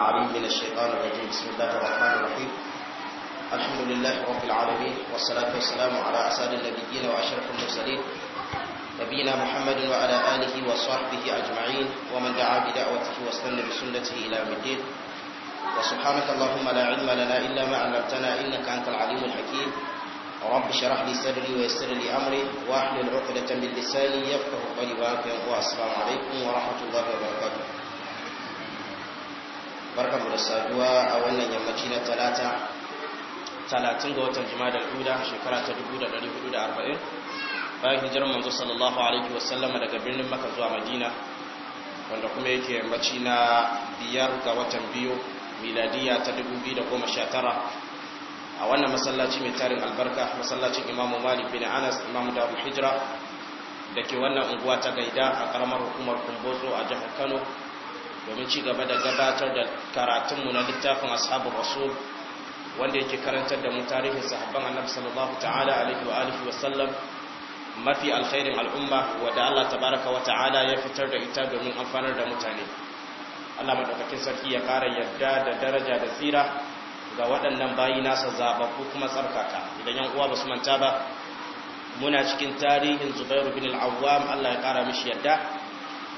أعوذ من الشيطان الرجيم بسم الله الرحمن الرحيم الحمد لله رب العالمين والصلاة والسلام على أسال النبيين وأشرف المرسلين نبينا محمد وعلى آله وصحبه أجمعين ومن دعا بدعوته واستنى بسنته إلى يوم الدين وسبحانك اللهم لا علم لنا إلا ما علمتنا إنك أنت العليم الحكيم رب اشرح لي صدري ويسر لي أمري وأحلل عقدة من لساني يفقه قولي وأكرم السلام عليكم ورحمة الله وبركاته barkamu da saduwa a wannan yammaci na talata talatin ga watan jima'a da ɗuda shekara ta 1440 bayan hijirar manzo sallallahu alaihi wasallama daga birnin maka zuwa madina wanda kuma yake yammaci na biyar ga watan biyu miladiya ta 2019 a wannan masallaci mai tarin albarka masallacin imamu malik bin anas imamu da hijira da ke wannan unguwa ta gaida a karamar hukumar kumbozo a jihar kano domin ci gaba da gabatar da karatunmu na littafin ashabu rasul wanda yake karantar da mu tarihin sahabban annabi sallallahu ta'ala alaihi wa alihi wa sallam mafi alkhairin al'umma wadda Allah tabaraka wa ta'ala ya fitar da ita domin amfanar da mutane Allah madaukakin sarki ya kara yarda da daraja da tsira ga waɗannan bayi nasa zababbu kuma tsarkaka idan yan uwa basu manta ba muna cikin tarihin Zubairu bin al-Awwam Allah ya kara mishi yarda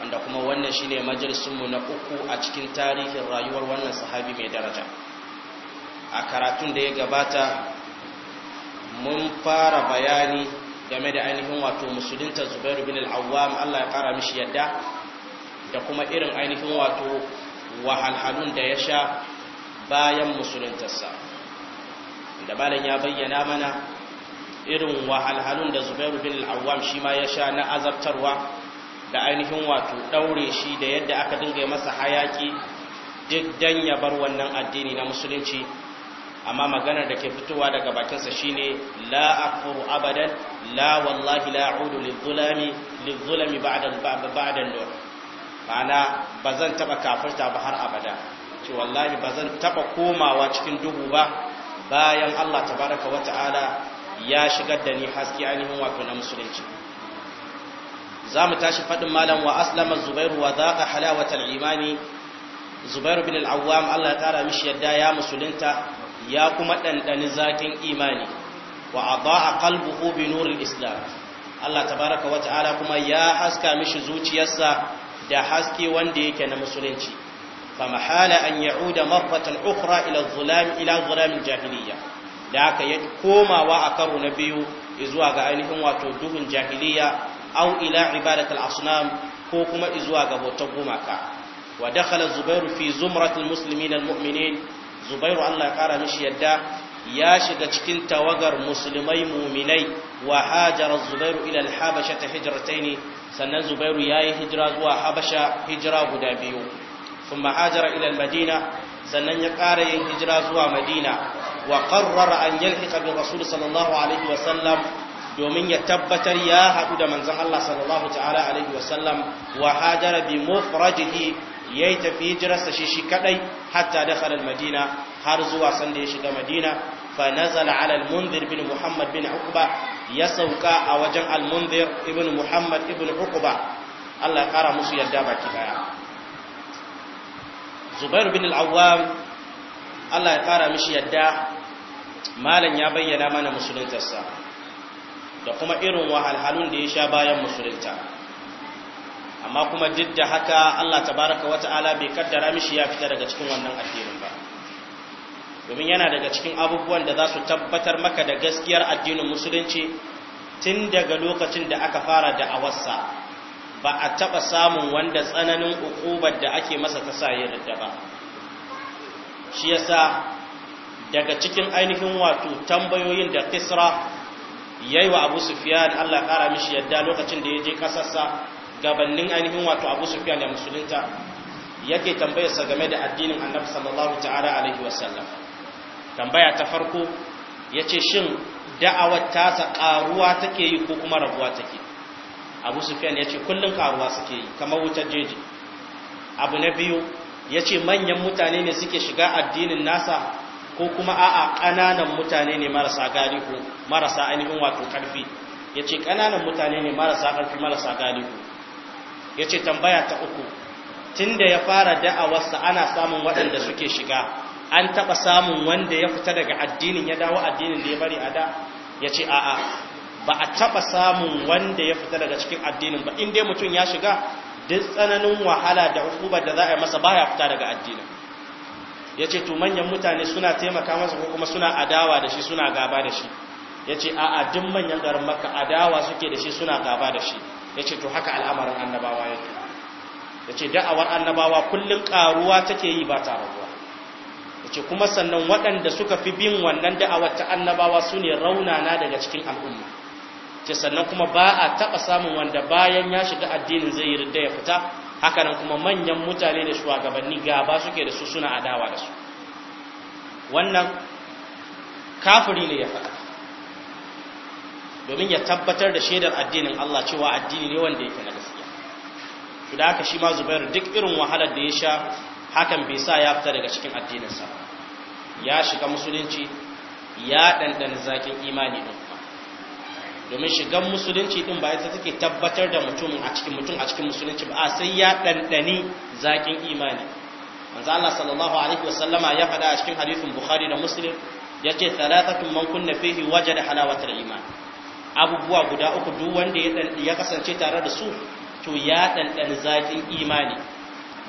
wanda kuma wannan shine majalisunmu na uku a cikin tarihin rayuwar wannan sahabi mai daraja a karatun da ya gabata mun fara bayani game da ainihin wato musulunta zubairu bin Al-Awwam Allah ya kara mishi yadda da kuma irin ainihin wato wahalhalun da ya sha bayan musuluntarsa da malam ya bayyana mana irin wahalhalun da zubairu bin Al-Awwam shi ma ya sha na azabtarwa da ainihin wato ɗaure shi da yadda aka dinga masa hayaki duk dan ya bar wannan addini na musulunci amma maganar da ke fitowa daga bakinsa shine la aqru abadan la wallahi la a'udu lidh-dhulami lidh-dhulami ba'da ba'da nur ma'ana bazan taba kafirta ba har abada ce wallahi bazan taba komawa cikin duhu ba bayan Allah tabaraka Ta'ala ya shigar da ni haske ainihin wato na musulunci za mu tashi faɗin malam wa aslama zubairu wa zaƙa halawatar imani zubairu bin al'awwam Allah ya ƙara mishi yadda ya musulunta ya kuma ɗanɗani zakin imani wa a ba a kalbuhu bi nurin islam Allah tabaraka wa ta'ala kuma ya haska mishi zuciyarsa da haske wanda yake na musulunci fa mahala an ya'uda marfatan ukhra ila zulam ila zulamin jahiliya da aka yi komawa a karo na biyu zuwa ga ainihin wato duhun jahiliya aw ila ibadatul asnam ko kuma izuwa ga bautar gumaka wa dakhala zubairu fi zumratil muslimin al mu'minin zubairu Allah ya kara mishi yadda ya shiga cikin tawagar musulmai muminai wa hajara zubairu ila al-habasha ta hijrataini sannan zubairu yayi hijira zuwa habasha hijira guda biyu thumma hajara ila al-madina sannan ya ƙara yin hijira zuwa madina wa qarrara an yalhiqa bi rasul sallallahu alaihi wa sallam domin ya tabbatar ya haɗu da manzan Allah sallallahu ta'ala alaihi wasallam wa hajara bi mufrajihi yayi tafi hijrarsa shi shi kadai hatta dakhala al-Madina har zuwa sanda ya shiga Madina fa nazala ala al-Mundhir bin Muhammad bin Uqba ya sauka a wajen al-Mundhir ibn Muhammad ibn Uqba Allah ya kara musu yarda baki daya Zubair bin al-Awwam Allah ya kara mishi yarda malam ya bayyana mana musuluntarsa da kuma irin wahalhalun da ya sha bayan musulunta amma kuma duk da haka Allah tabaraka wata'ala bai kaddara mishi ya fita daga cikin wannan addinin ba domin yana daga cikin abubuwan da za su tabbatar maka da gaskiyar addinin musulunci tun daga lokacin da aka fara da awassa ba a taɓa samun wanda tsananin ukubar da ake masa ta sa yarda ba shi yasa daga cikin ainihin wato tambayoyin da kisra yayi wa Abu Sufyan Allah kara mishi yadda lokacin da ya je kasarsa gabanin ainihin wato Abu Sufyan da musulunta yake sa game da addinin Annabi sallallahu ta'ala alaihi wasallam tambaya ta farko yace shin da'awar sa karuwa take yi ko kuma rabuwa take Abu Sufyan yace kullun karuwa suke yi kamar wutar jeji abu na biyu yace manyan mutane ne suke shiga addinin nasa ko kuma a'a ƙananan mutane ne marasa galihu marasa ainihin wato ƙarfi ya ce ƙananan mutane ne marasa ƙarfi marasa galihu ya ce tambaya ta uku tun ya fara da'awarsa ana samun waɗanda suke shiga an taɓa samun wanda ya fita daga addinin ya dawo addinin da ya bari a da ya ce a'a ba a taɓa samun wanda ya fita daga cikin addinin ba in dai mutum ya shiga duk tsananin wahala da hukubar da za a yi masa baya fita daga addinin ya ce to manyan mutane suna taimaka masa ko kuma suna adawa da shi suna gaba da shi ya ce a'a duk manyan garin maka adawa suke da shi suna gaba da shi ya ce to haka al'amarin annabawa yake ya ce da'awar annabawa kullum karuwa take yi ba ta rabuwa ya ce kuma sannan waɗanda suka fi bin wannan da'awar ta annabawa su ne raunana daga cikin al'umma ce sannan kuma ba a taɓa samun wanda bayan ya shiga addinin zai yi ridda ya fita hakanan kuma manyan mutane da shugabanni gaba suke da su suna adawa da su wannan kafiri ne ya faɗa domin ya tabbatar da shaidar addinin Allah cewa addini ne wanda yake na gaskiya to da haka shi ma Zubairu duk irin wahalar da ya sha hakan bai sa ya fita daga cikin addininsa ya shiga musulunci ya ɗanɗana zakin imani ne domin shigan musulunci din ba ita take tabbatar da mutum a cikin mutum a cikin musulunci ba sai ya dandani zakin imani manzo Allah sallallahu alaihi wasallama ya faɗa a cikin hadisin Bukhari da Muslim yace thalathatun man kunna fihi wajada halawatul iman abubuwa guda uku duk wanda ya ya kasance tare da su to ya dandani zakin imani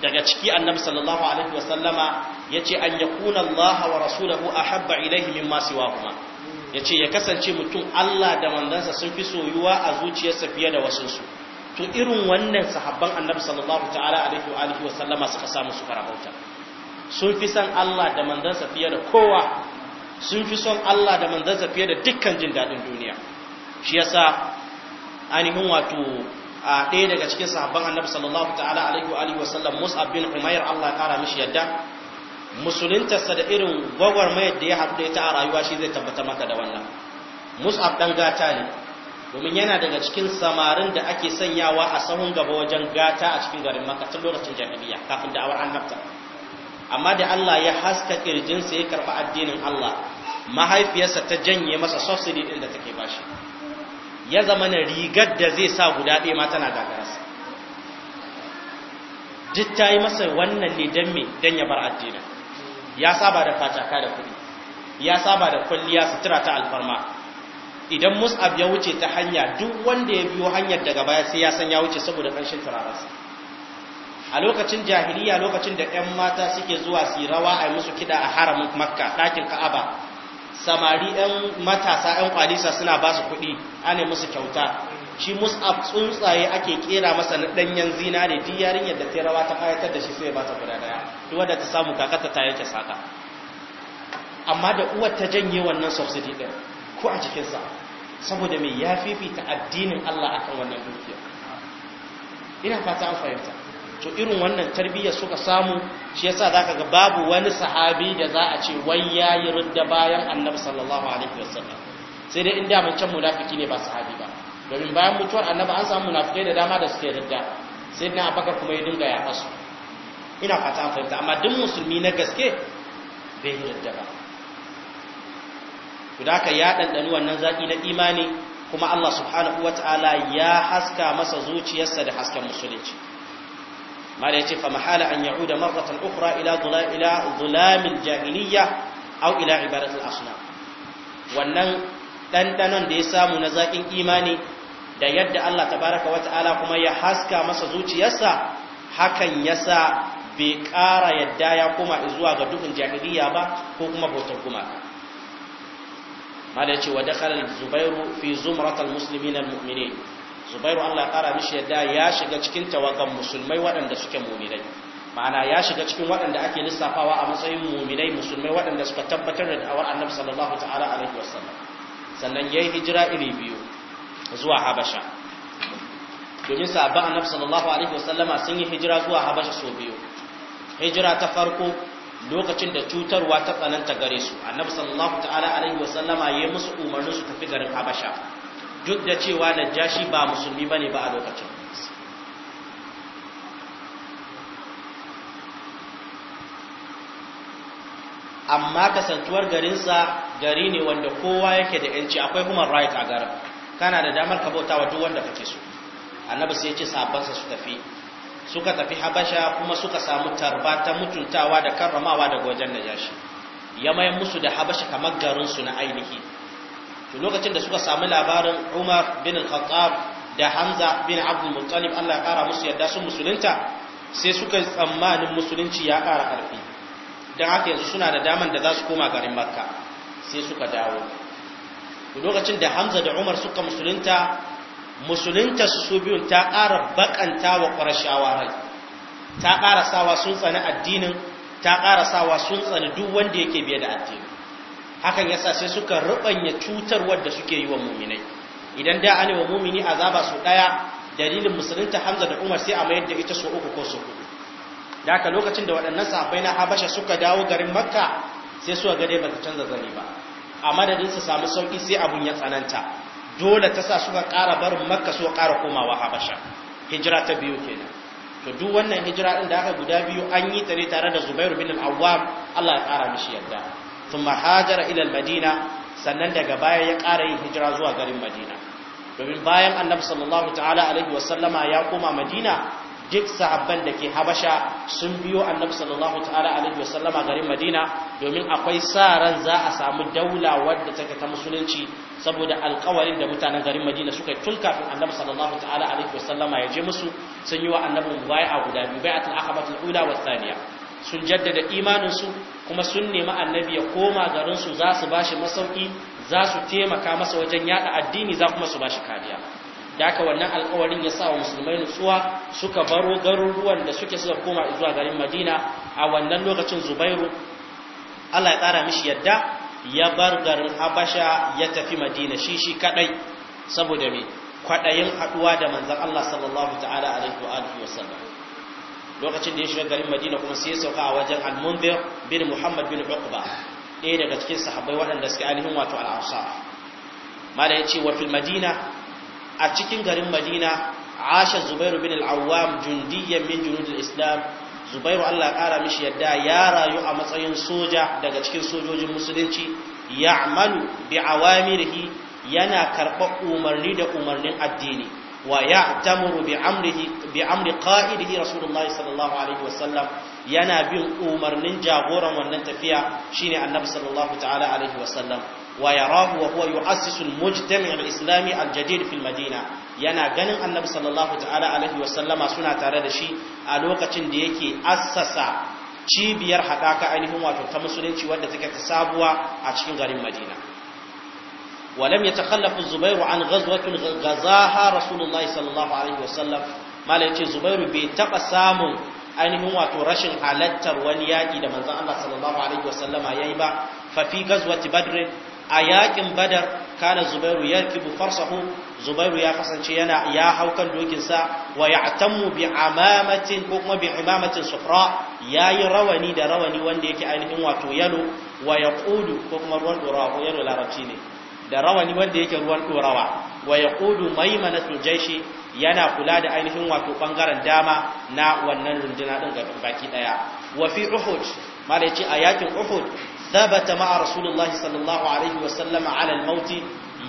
daga ciki annabi sallallahu alaihi wasallama yace an yakuna Allah wa rasuluhu ahabba ilayhi mimma siwahuma ya ce ya kasance mutum Allah da mandansa sun fi soyuwa a zuciyarsa fiye da wasansu to irin wannan sahabban annabi sallallahu ta'ala alaihi wa alihi wa sallama suka samu su farabauta sun fi son Allah da mandansa fiye da kowa sun fi son Allah da mandansa fiye da dukkan jin dadin duniya shi yasa ainihin wato a ɗaya daga cikin sahabban annabi sallallahu ta'ala alaihi wa alihi wa sallam Mus'ab bin Umair Allah ya kara mishi yadda musuluntarsa da irin gwagwarmayar da ya haɗu da ita a rayuwa shi zai tabbatar maka da wannan mus'ab dan gata ne domin yana daga cikin samarin da ake sanyawa a sahun gaba wajen gata a cikin garin maka tun lokacin jahiliya kafin da awar annabta amma da Allah ya haska kirjinsa ya karɓi addinin Allah mahaifiyarsa ta janye masa subsidy din da take bashi ya zama na rigar da zai sa guda ɗaya ma tana gagararsa duk ta yi masa wannan ne don me don ya bar addinin ya saba da fataka da kuɗi ya saba da kwalliya sutura ta alfarma idan mus'ab ya wuce ta hanya duk wanda ya biyo hanyar daga baya sai ya san ya wuce saboda ƙanshin turarensa a lokacin jahiliya lokacin da 'yan mata suke zuwa su rawa a musu kiɗa a haramin makka ɗakin ka'aba samari 'yan matasa 'yan kwalisa suna ba su kuɗi ana musu kyauta shi mus'ab tsuntsaye ake kera masa na danyen zinare duk yarinyar da ta rawa ta kayatar da shi sai ba ta guda daya duk wanda ta samu kakata ta yake saka amma da uwar ta janye wannan subsidy din ko a cikin sa saboda mai ya fifita addinin Allah akan wannan dukiya ina fata an fahimta to irin wannan tarbiyya suka samu shi yasa zaka ga babu wani sahabi da za a ce wai yayi rudda bayan Annabi sallallahu alaihi wasallam sai dai inda mun can munafuki ne ba sahabi ba domin bayan mutuwar annaba an samu munafikai da dama da suke dadda sai na abakar kuma ya dinga ya fasu ina fata an fahimta amma duk musulmi na gaske bai yi ba to ya ɗanɗani wannan zaƙi na imani kuma Allah subhanahu wata'ala ya haska masa zuciyarsa da hasken musulunci mala yace fa mahala an ya'uda marratan ukhra ila ila dhulamil jahiliyya aw ila ibadatil asnam wannan ɗanɗanon da ya samu na zaƙin imani da yadda Allah tabaraka wa ta'ala kuma ya haska masa zuciyarsa hakan ya sa bai ƙara yadda ya koma zuwa ga dukkan jahiliya ba ko kuma bautar gumaka mala yace wa dakhala zubairu fi zumratal muslimin al mu'minin zubairu Allah ya ƙara mishi yadda ya shiga cikin tawagan musulmai waɗanda suke mu'minai ma'ana ya shiga cikin waɗanda ake lissafawa a matsayin mu'minai musulmai waɗanda suka tabbatar da da'awar annabi sallallahu ta'ala alaihi wasallam sannan ya yi hijira iri biyu zuwa habasha domin sahabba annabi sallallahu alaihi wasallama sun yi hijira zuwa habasha so biyu hijira ta farko lokacin da cutarwa ta tsananta gare su annabi sallallahu ta'ala alaihi wasallama ya musu umarni su tafi garin habasha duk da cewa najashi ba musulmi bane ba a lokacin amma kasantuwar garinsa gari ne wanda kowa yake da yanci akwai human right a garin kana da damar ka wa duk wanda kake so annabi sai ya ce sahabbansa su tafi suka tafi habasha kuma suka samu tarba ta mutuntawa da karramawa daga wajen najashi ya mayan musu da habasha kamar garinsu na ainihi to lokacin da suka samu labarin umar bin al-khattab da hamza bin abdul muttalib allah ya kara musu yadda sun musulunta sai suka tsammanin musulunci ya kara karfi don haka yanzu suna da daman da za su koma garin makka sai suka dawo lokacin da hamza da umar suka musulunta musulunta su biyun ta ƙara bakanta wa ƙwarashawa rai ta ƙara sawa sun tsani addinin ta ƙara sawa sun tsani duk wanda yake biye da addini hakan yasa sai suka rubanya cutarwar da suke yi wa muminai idan da an yi wa mumini azaba su ɗaya dalilin musulunta hamza da umar sai a mayar da ita so uku ko so hudu da aka lokacin da waɗannan safai na habasha suka dawo garin makka sai suka ga dai bata canza zane ba a madadin su samu sauki sai abun ya tsananta dole ta sa suka ƙara barin makka suka ƙara komawa habasha hijira ta biyu kenan to duk wannan hijira din da aka guda biyu an yi tare tare da Zubairu bin al Allah ya ƙara mishi yadda thumma hajara ilal madina sannan daga baya ya ƙara yin hijira zuwa garin Madina domin bayan Annabi sallallahu ta'ala alaihi wasallama ya koma Madina duk sahabban da ke habasha sun biyo annabi sallallahu ta'ala alaihi sallama garin madina domin akwai sa ran za a samu daula wadda take ta musulunci saboda alƙawarin da mutanen garin madina suka yi tun kafin annabi sallallahu ta'ala alaihi sallama ya je musu sun yi wa annabi mubai'a guda biyu bai'atul akhbatul ula was thaniya sun jaddada imaninsu kuma sun nemi annabi ya koma su za su bashi masauki za su taimaka masa wajen yada addini za kuma su bashi kariya da aka wannan alkawarin ya sa wa musulmai nutsuwa suka baro garuruwan da suke suka koma zuwa garin madina a wannan lokacin zubairu allah ya tsara mishi yadda ya bar garin habasha ya tafi madina shi shi kadai saboda me kwaɗayin haɗuwa da manzan allah sallallahu ta'ala alaihi wa sallam lokacin da ya shiga garin madina kuma sai ya sauka a wajen al-munzir bin muhammad bin uqba ɗaya daga cikin sahabbai waɗanda suke ainihin wato al-ansar mala yace wa fil madina a cikin garin madina asha zubairu bin al'awam jundiyan min junudul islam zubairu allah ƙara mishi yadda ya rayu a matsayin soja daga cikin sojojin musulunci ya amalu bi awamirihi yana karɓar umarni da umarnin addini wa ya tamuru bi amri ƙa'idihi rasulullahi sallallahu alaihi wasallam yana bin umarnin jagoran wannan tafiya shine annabi sallallahu ta'ala alaihi wasallam wa yarahu wa huwa yu'assisu al-mujtami' al-islami al-jadid fil madina yana ganin annabi sallallahu ta'ala alaihi wasallama suna tare da shi a lokacin da yake assasa cibiyar haɗaka ainihin wato ta musulunci wadda take ta sabuwa a cikin garin madina ولم يتخلف الزبير عن غزوة غزاها رسول الله صلى الله عليه وسلم ما لا يتي زبير بيتقى ainihin wato rashin halattar wani yaƙi da manzan Allah sallallahu alaihi wasallama yayi ba fafi fi badrin a yaƙin badar kana zubairu yarkibu farsahu zubairu ya kasance yana ya haukan dokin sa wa ya'tammu bi amamatin ko kuma bi imamatin sufra yayi rawani da rawani wanda yake ainihin wato yalo wa ƙudu ko kuma ruwan dorawa ko yalo larabci ne da rawani wanda yake ruwan dorawa wa maimana su jaishi yana kula da ainihin wato ɓangaren dama na wannan runduna din gaban baki ɗaya? wa fi uhud ya ce a yakin uhud thabata ma'a rasulullahi sallallahu alaihi wa sallama ala al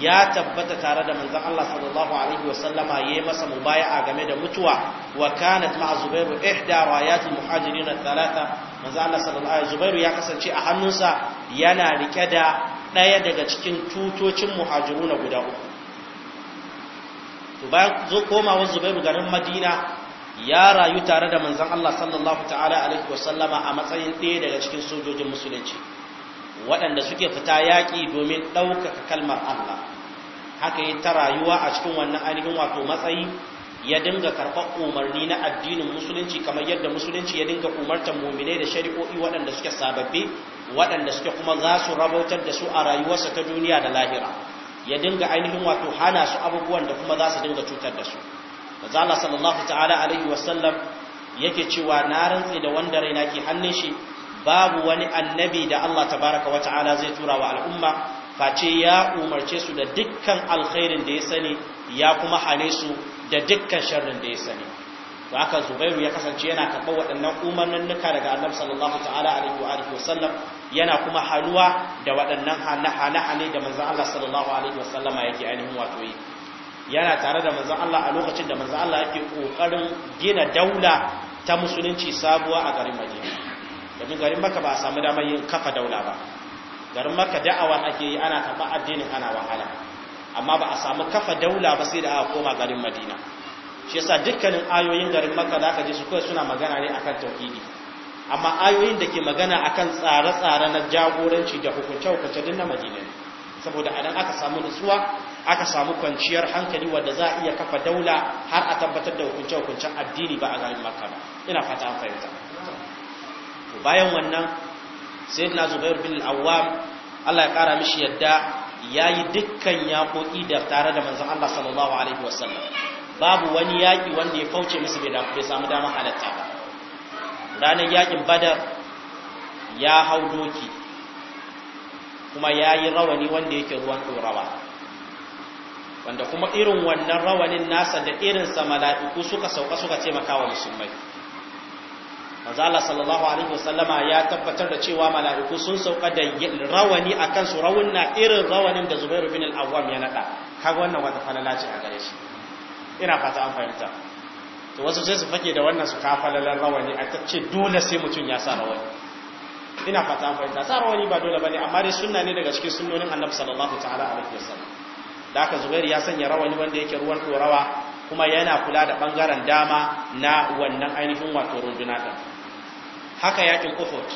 ya tabbata tare da manzan Allah sallallahu alaihi wasallama yi masa mubaya'a game da mutuwa wa kanat ma'a Zubair ihda rayatil muhajirin talata. Manzan Allah sallallahu alaihi Zubairu ya kasance a hannunsa yana rike da ɗaya daga cikin tutocin muhajiruna guda uku to bayan zo komawa Zubair garin Madina ya rayu tare da manzan Allah sallallahu ta'ala alaihi wasallama a matsayin ɗaya daga cikin sojojin musulunci waɗanda suke fita yaƙi domin ɗaukaka kalmar Allah haka yi ta rayuwa a cikin wannan ainihin wato matsayi ya dinga karɓar umarni na addinin musulunci kamar yadda musulunci ya dinga umartar muminai da shari'o'i waɗanda suke sababbi waɗanda suke kuma za su rabautar da su a rayuwarsa ta duniya da lahira ya dinga ainihin wato hana su abubuwan da kuma za su dinga cutar da su manzo Allah sallallahu ta'ala alaihi wasallam yake cewa na rantse da wanda raina ke hannun shi babu wani annabi da Allah tabaraka wa ta'ala zai tura wa al'umma face ya umarce su da dukkan alkhairin da ya sani ya kuma hane su da dukkan sharrin da ya sani to haka Zubairu ya kasance yana karɓa waɗannan umarninnuka daga Annabi sallallahu ta'ala alaihi wa alihi wasallam yana kuma haluwa da waɗannan hane-hane da manzon Allah sallallahu alaihi wasallama yake ainihin wato yi yana tare da manzon Allah a lokacin da manzon Allah yake kokarin gina daula ta musulunci sabuwa a garin Madina domin garin maka ba a samu damar yin kafa daula ba garin maka da'awar ake yi ana taɓa addinin ana wahala amma ba a samu kafa daula ba sai da aka koma garin madina shi yasa dukkanin ayoyin garin maka da aka ji su kawai suna magana ne akan tauhidi amma ayoyin da ke magana akan tsare-tsare na jagoranci da hukunce-hukunce din na madina ne saboda anan aka samu nutsuwa aka samu kwanciyar hankali wanda za a iya kafa daula har a tabbatar da hukunce-hukuncen addini ba a garin makka ba ina fata an fahimta bayan wannan na zubair bin al-awwam Allah ya kara mishi yadda yayi dukkan yaƙoƙi da tare da manzan Allah sallallahu alaihi wasallam babu wani yaƙi wanda ya fauce musu bai samu damar halatta ba ranar yaƙin badar ya hau doki kuma ya yi rawani wanda yake ruwan ɗorawa wanda kuma irin wannan rawanin nasa da irin irinsa mala'iku suka sauka suka taimaka wa musulmai manzo Allah sallallahu alaihi wasallama ya tabbatar da cewa mala'iku sun sauka da rawani akan su na irin rawanin da Zubairu bin al-Awwam ya nada kaga wannan wata falala ce a gare shi ina fata an fahimta to wasu sai su fake da wannan su ka rawani a tace dole sai mutun ya sa rawani ina fata an fahimta sa rawani ba dole bane amma dai sunna ne daga cikin sunnonin Annabi sallallahu ta'ala alaihi wasallam da haka Zubair ya sanya rawani wanda yake ruwan dorawa kuma yana kula da bangaren dama na wannan ainihin wato runduna haka yakin Uhud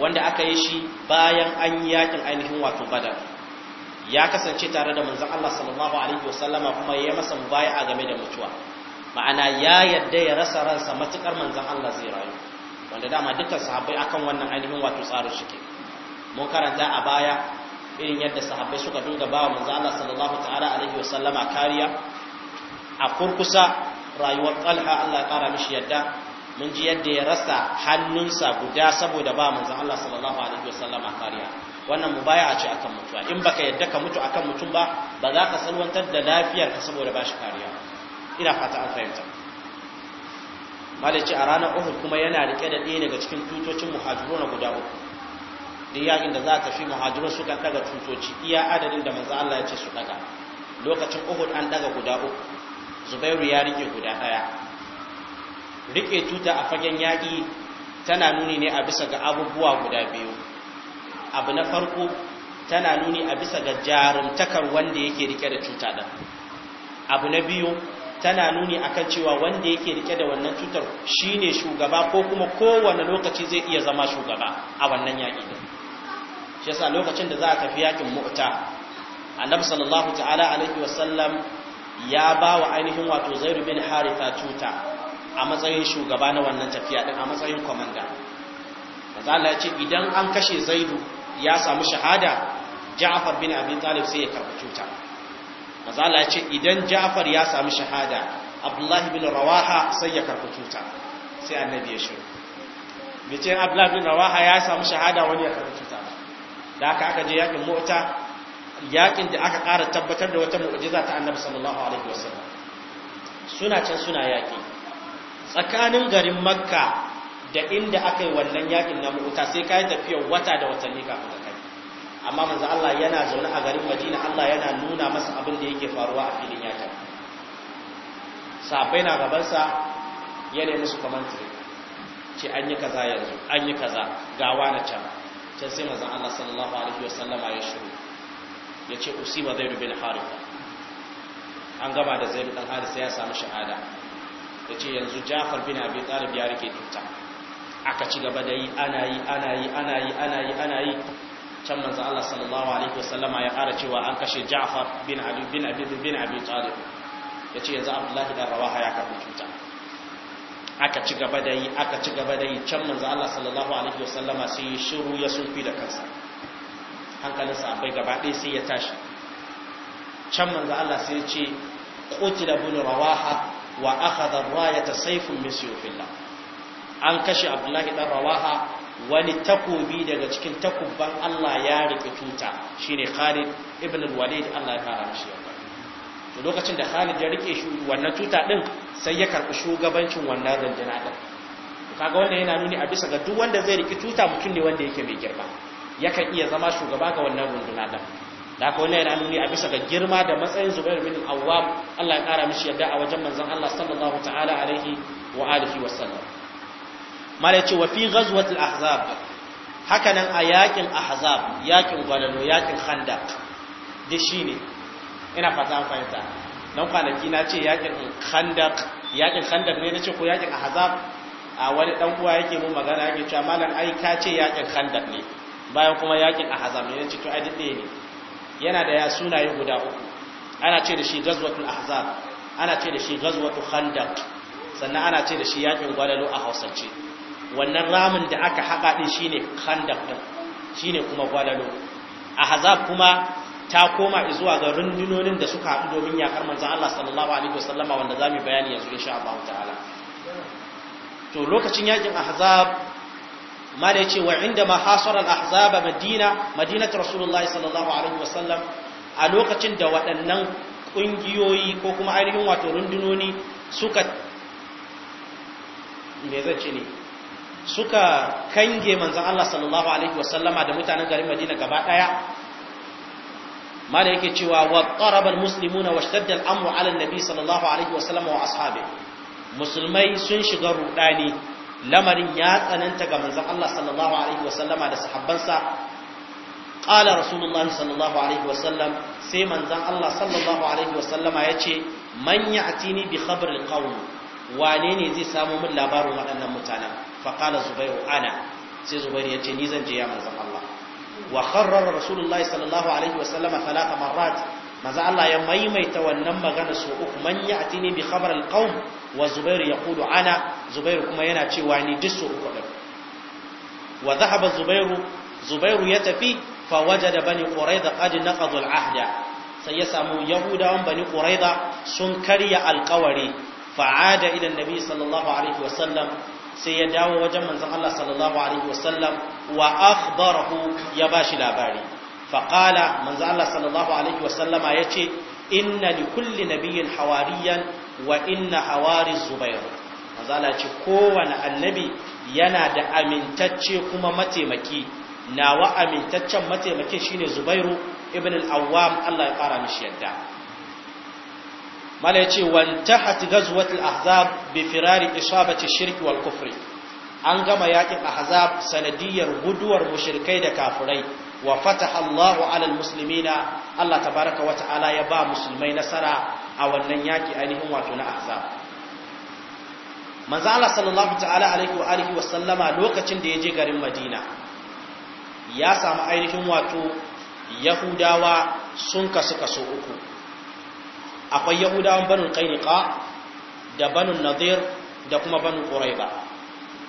wanda aka yi shi bayan an yi yakin ainihin wato Badar ya kasance tare da manzon Allah sallallahu alaihi wasallama kuma ya masa bai'a game da mutuwa ma'ana ya yadda ya rasa ransa matukar manzon Allah zai rayu wanda dama dukkan sahabbai akan wannan ainihin wato tsaro shike mun karanta a baya irin yadda sahabbai suka dinga ba manzon Allah sallallahu ta'ala alaihi wasallama kariya a kurkusa rayuwar Talha Allah ya kara mishi yadda mun ji yadda ya rasa hannunsa guda saboda ba manzon Allah sallallahu alaihi wasallama kariya wannan a ce akan mutuwa in baka yadda ka mutu akan mutum ba ba za ka salwantar da lafiyarka saboda ba shi kariya ina fata an fahimta malice a ranar Uhud kuma yana rike da ɗaya daga cikin tutocin muhajiruna guda uku da ya da za ka fi su suka daga tutoci iya adadin da manzo Allah ya ce su daga lokacin Uhud an daga guda uku Zubairu ya rike guda ɗaya Rike tuta a fagen yaƙi tana nuni ne a bisa ga abubuwa guda biyu abu na farko tana nuni a bisa ga jarumtakar wanda yake rike da tuta ɗin abu na biyu tana nuni a kan cewa wanda yake rike da wannan cutar shine shugaba ko kuma kowane lokaci zai iya zama shugaba a wannan yaƙi ɗin shi yasa lokacin da za a tafi yaƙin mu'ta annabi sallallahu ta'ala alaihi wasallam ya ba wa ainihin wato zairu bin haritha tuta a matsayin shugaba na wannan tafiya din a matsayin komanda maza Allah ya ce idan an kashe Zaidu ya samu shahada Ja'far bin Abin Talib sai ya karɓi cuta maza Allah ya ce idan Ja'far ya samu shahada Abdullahi bin Rawaha sai ya karɓi cuta sai annabi ya shiru mace Abdullahi bin Rawaha ya samu shahada wani ya karɓi cuta da aka aka je yakin mota, yakin da aka ƙara tabbatar da wata mu'ujiza ta Annabi sallallahu alaihi wasallam suna can suna yaki tsakanin garin makka da inda aka yi wannan yakin na mu'uta sai ka yi tafiya wata da watanni kafin ka kai amma manzo Allah yana zaune a garin Madina Allah yana nuna masa abin da yake faruwa a filin yakin sabai na gabansa ya nemi su kamantiri ce an yi kaza yanzu an yi kaza gawa na can can sai manzo Allah sallallahu alaihi wasallama ya shiru ya usiba zaid bin haritha an gaba da zaid dan sai ya samu shahada yace yanzu Ja'far bin Abi Talib ya rike dinta aka ci gaba da yi ana yi ana yi ana yi ana yi ana yi can manzo Allah sallallahu alaihi wasallama ya fara cewa an kashe Ja'far bin Ali bin Abi bin Abi Talib yace yanzu Abdullahi da Rawaha ya kafa cuta aka ci gaba da yi aka ci gaba da yi can manzo Allah sallallahu alaihi wasallama sai ya shiru ya sunfi da kansa hankalin bai gaba ɗaya sai ya tashi can manzo Allah sai ya ce qutila bin Rawaha wa akhadha rayata sayfun min fila? an kashe abdullahi dan rawaha wani takobi daga cikin takubban Allah ya rike tuta shine Khalid ibn al-Walid Allah ya fara shi to lokacin da Khalid ya rike shi wannan tuta ɗin, sai ya karbi shugabancin wannan rundunar din kaga wannan yana nuni a bisa ga duk wanda zai rike tuta mutum ne wanda yake mai girma yakan iya zama shugaba ga wannan rundunar din da ko ne ran ni a bisa ga girma da matsayin Zubair bin Awwam Allah ya kara mishi yadda a wajen manzon Allah sallallahu ta'ala alaihi wa alihi wa sallam mala yace wa fi ghazwatil ahzab haka nan a yakin ahzab yakin gwalalo yakin khandaq da shine ina fata an fahimta dan kwanaki na ce yakin khandaq yakin khandaq ne nace ko yakin ahzab a wani dan uwa yake mu magana yake cewa malam ai ka ce yakin khandaq ne bayan kuma yakin ahzab ne nace to ai dade ne yana da ya sunaye guda uku ana ce da shi gazwatul ahzab ana ce da shi gazwatul khandaq sannan ana ce da shi yakin gwalalo a hausance wannan ramin da aka haka din shine khandaq din shine kuma gwalalo ahzab kuma ta koma zuwa ga rundunonin da suka haɗu domin yakar manzon Allah sallallahu alaihi wasallama wanda zamu bayani yanzu insha Allah ta'ala to lokacin yakin ahzab ma da yace wa inda mahasarar hasara al-ahzaba madina madinatu rasulullahi sallallahu alaihi wasallam a lokacin da waɗannan ƙungiyoyi ko kuma ainihin wato rundunoni suka me suka kange manzon Allah sallallahu alaihi wasallama da mutanen garin Madina gaba daya ma da yake cewa wa qaraba al-muslimuna washtadda al-amru ala an-nabi sallallahu alaihi wa ashabi? musulmai sun shiga rudani lamarin ya tsananta ga manzon Allah sallallahu alaihi wasallama da sahabbansa qala rasulullahi sallallahu alaihi wasallam sai manzon Allah sallallahu alaihi wasallama yace man ya'tini bi khabril qawm wane ne zai samu min labarin waɗannan mutanen fa qala zubairu ana sai zubairu yace ni zan je ya manzon Allah wa kharrara rasulullahi sallallahu alaihi wasallama thalatha marrat manzon Allah ya maimaita wannan magana su uku man ya'tini bi khabril qawm wa zubairu yaqulu ana zubairu kuma yana cewa ni duk su wa dhahaba zubairu zubairu ya tafi fa wajada bani quraiza qad naqadu ahda sai ya samu yahudawan bani quraiza sun karya alƙawari fa'ada idan annabi sallallahu alaihi wasallam sai ya dawo wajen manzon Allah sallallahu alaihi wasallam wa akhbarahu ya bashi labari faqala manzon Allah sallallahu alaihi wasallama yace inna li kulli nabiyyin hawariyan wa inna hawari zubairu mazala ce kowane annabi yana da amintacce kuma mataimaki nawa amintaccen mataimakin shine zubairu ibn al-awwam Allah ya fara mishi yadda mala yace wantahat ghazwat al-ahzab bi firari isabati shirk wal kufri an gama yakin ahzab sanadiyar guduwar mushrikai da kafirai wa fataha Allahu ala al-muslimina Allah tabaraka wa ta'ala ya ba musulmai nasara a wannan yaki ainihin wato na ahzab manzo Allah sallallahu ta'ala alaihi wa alihi wa sallama lokacin da yaje garin Madina ya samu ainihin wato Yahudawa sun kasu kaso uku akwai Yahudawan Banu qainqa da Banu Nadir da kuma Banu Quraiba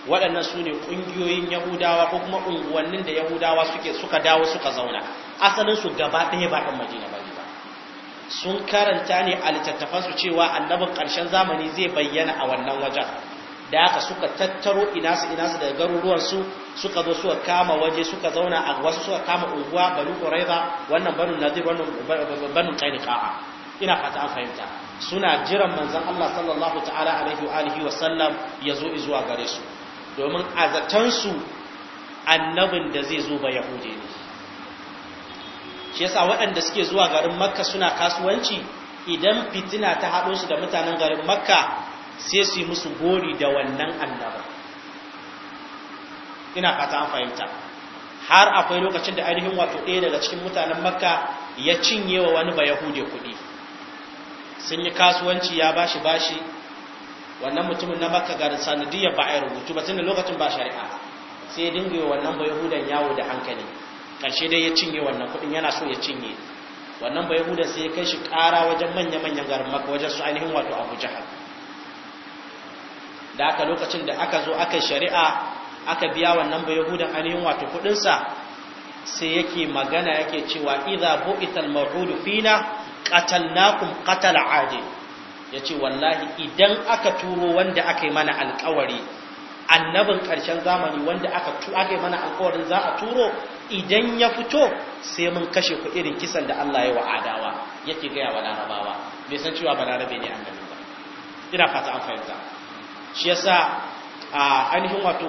waɗannan su ne ƙungiyoyin Yahudawa ko kuma unguwannin da Yahudawa suke suka dawo suka zauna asalin su gaba ɗaya ba ɗan Madina ba sun karanta ne a littattafansu cewa annabin ƙarshen zamani zai bayyana a wannan wajen da haka suka tattaro inasu inasu daga garuruwansu suka zo suka kama waje suka zauna a wasu suka kama unguwa banu ƙuraiza wannan banu nadir wannan banu ƙainika'a ina fata an fahimta suna jiran manzon Allah sallallahu ta'ala alaihi wa alihi wa sallam ya zo zuwa gare su domin a su annabin da zai zo ba yahudi ne shi yasa waɗanda suke zuwa garin makka suna kasuwanci idan fitina ta haɗo su da mutanen garin makka sai su yi musu gori da wannan annaba ina fata an fahimta har akwai lokacin da ainihin wato ɗaya daga cikin mutanen makka ya cinye wa wani ba yahude kuɗi sun yi kasuwanci ya bashi bashi wannan mutumin na makka garin sanadiyar ba a rubutu ba tun da lokacin ba shari'a sai dinga yi wannan ba yahudan yawo da hankali Karshe dai ya cinye wannan kuɗin yana so ya cinye wannan ba yahudan sai ya kai shi kara wajen manya-manyan garin maka wajen su ainihin wato abu jihar da aka lokacin da aka zo aka shari'a aka biya wannan ba yahudan ainihin wato kuɗinsa sai yake magana yake cewa idza bu'ital mawhud fina qatalnakum qatal adil yace wallahi idan aka turo wanda aka yi mana alƙawari annabin ƙarshen zamani wanda aka aka mana alƙawarin za a turo idan ya fito sai mun kashe ku irin kisan da Allah ya wa adawa yake gaya wa larabawa bai san cewa larabe ne annabi ba ina fata an fahimta shi yasa a ainihin wato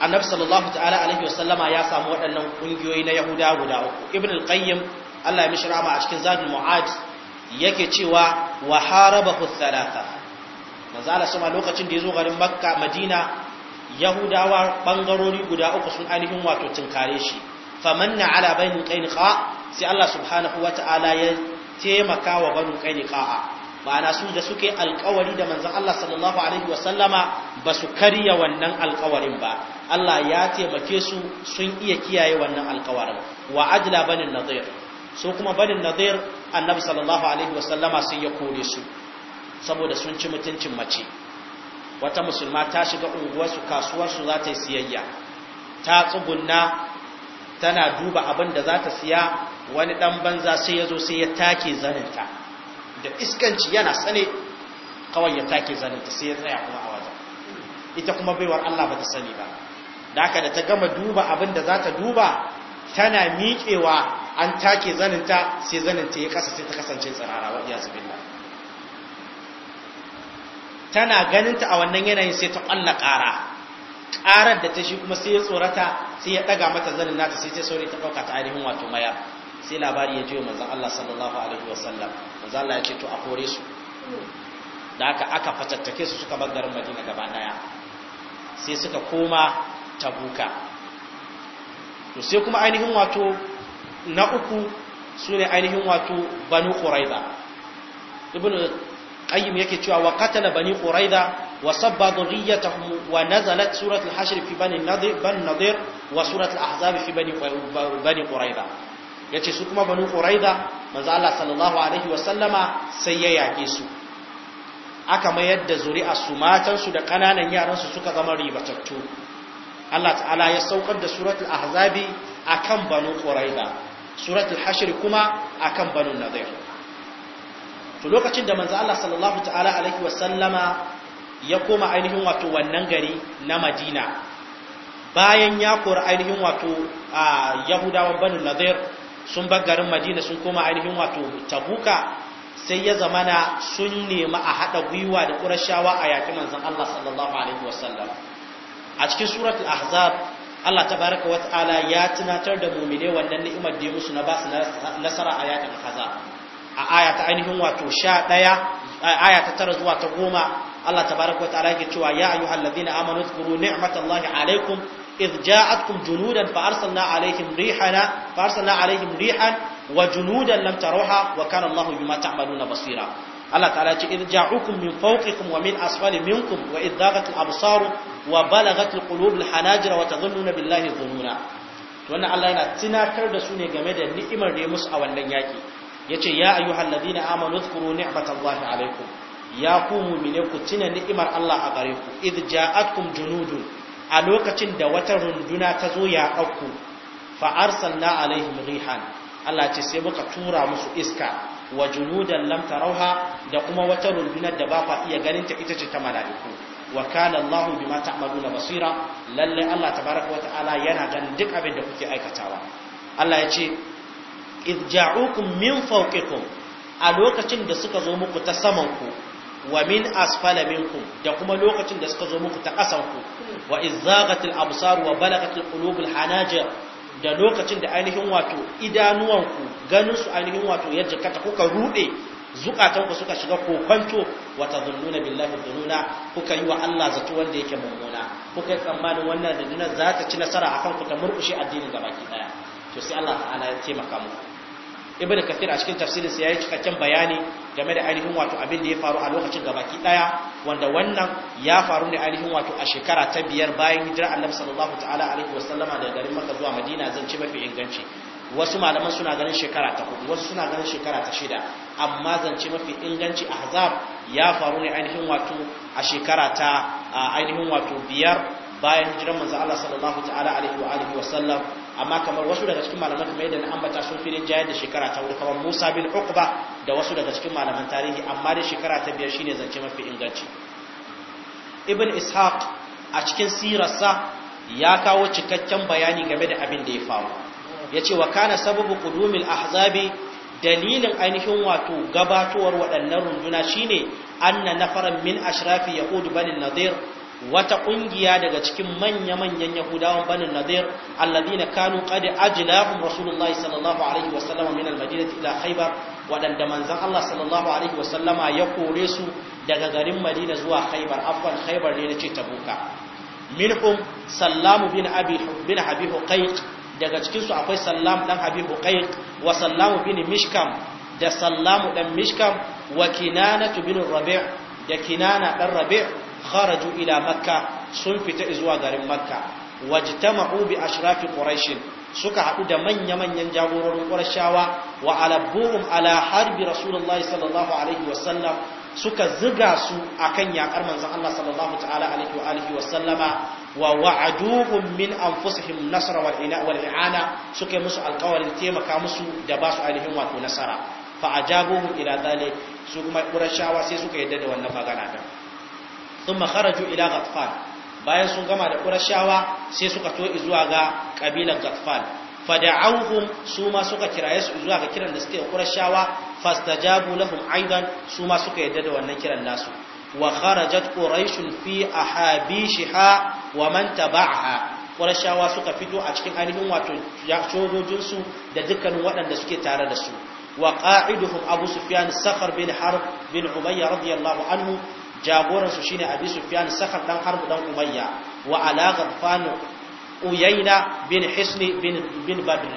annabi sallallahu ta'ala alaihi sallama ya samu waɗannan ƙungiyoyi na yahuda guda uku ibn al-qayyim Allah ya mishi rama a cikin zadul mu'ad yake cewa wa harabahu thalatha manzo Allah sama lokacin da yazo garin Makka Madina Yahudawa bangarori guda uku sun ainihin wato tinkare shi famanna ala bani qainqa sai Allah subhanahu wataala ya taimaka wa bani qainqa ma'ana su da suke alkawari da manzo Allah sallallahu alaihi wasallama ba su karya wannan alkawarin ba Allah ya taimake su sun iya kiyaye wannan alkawarin wa ajla bani nadir su kuma barin nadir annabi sallallahu alaihi wasallama sai ya kore su saboda sun ci mutuncin mace wata musulma ta shiga unguwarsu kasuwarsu za ta yi siyayya ta tsugunna tana duba abin da za ta siya wani dan banza sai ya zo sai ya take zaninta da iskanci yana sane kawai ya take zaninta sai ya tsaya kuma a wajen ita kuma baiwar Allah ba ta sani ba da haka da ta gama duba abin da za ta duba tana miƙewa an take zaninta sai zaninta ya kasa sai ta kasance tsirara wa iyazu billah tana ganinta a wannan yanayin sai ta kwalla ƙara ƙarar da ta shi kuma sai ya tsorata sai ya ɗaga mata zanin nata sai ta sauri ta ɗauka ta ainihin wato maya sai labari ya jiyo manzan Allah sallallahu alaihi wasallam manzan Allah ya ce to a kore su da aka aka fatattake su suka bar garin Madina gaba daya sai suka koma Tabuka to sai kuma ainihin wato na uku su ne ainihin wato banu quraiza ibn qayyim yake cewa wa katala bani ƙuraida, wa sabba dhurriyyatahum wa nazalat surat al-hashr fi bani nadir bani nadir wa surat ahzab fi bani bani quraiza yace su kuma banu ƙuraida, manzo Allah sallallahu alaihi wa sallama sai ya yake su aka mayar da zuri'a su matan su da kananan yaran su suka zama ribatattu Allah ta'ala ya saukar da suratul ahzabi akan banu ƙuraida. suratul hashir kuma akan banu nadir to lokacin da manzo Allah sallallahu ta'ala alaihi Sallama ya koma ainihin wato wannan gari na Madina bayan ya kora ainihin wato a Yahudawan banu nadir sun bar garin Madina sun koma ainihin wato Tabuka sai ya zamana sun nemi a haɗa gwiwa da Qurayshawa a yaƙi manzo Allah sallallahu alaihi wa Sallam. a cikin suratul ahzab Allah ta baraka wa ta'ala ya tunatar da mumine wannan ni'imar da musu na ba su nasara a yakin kaza a aya ta ainihin wato 11 a aya ta 9 zuwa ta 10 Allah tabaraka wa ta'ala yake cewa ya ayyuhallazina amanu zkuru alaikum alaykum id ja'atkum junudan fa arsalna alayhim rihana fa arsalna alayhim rihan wa junudan lamta taruha wa kana Allahu bima ta'maluna basira Allah ta'ala ce in ja'ukum min fawqikum wa min asfali minkum wa idh daqat al-absar wa balagat al-qulub al-hanajir wa tadhunnuna billahi dhununa to wannan Allah yana tunatar da su ne game da ni'imar da ya musu a wannan yaki yace ya ayyuhalladhina amanu dhkuru ni'matallahi alaykum ya ku mu'mine ku tuna ni'imar Allah a gare ku idh ja'atkum junudun a lokacin da wata runduna ta zo ya akku fa arsalna alaihim rihan Allah ce sai muka tura musu iska wa junudan lam tarauha da kuma wata rundunar da ba fa iya ganin ta ita ce ta mala'iku wa kana Allahu bima ta'maluna basira lalle Allah tabaraka wa ta'ala yana ganin duk abin da kuke aikatawa Allah ya ce iz ja'ukum min fawqikum a lokacin da suka zo muku ta saman ku wa min asfala minkum da kuma lokacin da suka zo muku ta ƙasan ku wa iz zaghatil absar wa balagatil qulubul hanajir da lokacin da ainihin wato idanuwanku ganinsu ainihin wato ya jikata kuka rude zukatanku suka shiga kokonto wata zununa billahi zununa kuka yi wa Allah zato wanda yake mummuna kuka yi tsammanin wannan rundunar za ta ci nasara akan ku ta murkushe addinin ki ɗaya to sai Allah ta'ala ya taimaka muku ibn kathir a cikin tafsirin sa yayi cikakken bayani game da ainihin wato abin da ya faru a lokacin gabaki daya wanda wannan ya faru ne ainihin wato a shekara ta biyar bayan hijirar annabi sallallahu ta'ala alaihi sallama, daga garin makka zuwa madina zan ci mafi inganci wasu malaman suna ganin shekara ta hudu wasu suna ganin shekara ta shida amma zance mafi inganci ahzab ya faru ne ainihin wato a shekara ta ainihin wato biyar bayan hijirar manzo Allah sallallahu ta'ala alaihi wa alihi wa sallam amma kamar wasu daga cikin malaman kamar yadda na ambata sun filin jayar da shekara ta wuri kamar Musa bin Uqba da wasu daga cikin malaman tarihi amma da shekara ta biyar shine zance mafi inganci Ibn Ishaq a cikin sirarsa ya kawo cikakken bayani game da abin da ya faru yace wa kana sababu kudumil ahzabi dalilin ainihin wato gabatowar waɗannan runduna shine anna nafaran min ashrafi yahud bani nadir wata kungiya daga cikin manya-manyan yahudawan banin nadir alladina kanu qad ajlahum rasulullahi sallallahu alaihi wasallam min almadinati ila khaybar wadanda manzon Allah sallallahu alaihi wasallama ya kore su daga garin madina zuwa khaybar afwan khaybar ne nace tabuka minhum sallam bin abi bin abi huqaiq daga cikin su akwai sallam dan abi huqaiq wa sallam bin mishkam da sallam dan mishkam wa kinanatu bin rabi' da kinana dan rabi' kharaju ila makka sun fita zuwa garin makka wajtama'u bi ashrafi quraish suka hadu da manya-manyan jagororin qurayshawa wa alabbuhum ala harbi rasulullahi sallallahu alaihi wasallam suka ziga su a kan yaƙar manzon Allah sallallahu ta'ala alaihi wa alihi wasallama wa wa'aduhum min anfusihim nasra wal ina wal ina suka musu alƙawarin taimaka musu da ba su ainihin wato nasara fa ajabuhum ila dhalik su kuma qurayshawa sai suka yadda da wannan magana din thumma kharaju ila ghatfan bayan sun gama da qurashawa sai suka to zuwa ga kabilar ghatfan fada'awhum su suka kiraye su zuwa ga kiran da suke urashawa fastajabu lahum aidan su ma suka yadda da wannan kiran nasu wa kharajat quraishun fi ahabishiha wa man tabaha qurashawa suka fito a cikin ainihin wato sojojin su da dukkanin waɗanda suke tare da su wa qa'iduhum abu sufyan sakhar bin harb bin umayya radiyallahu anhu jagoransu shine abi sufyan sakhar dan harbu dan umayya wa ala ghafan uyayna bin hisni bin bin badr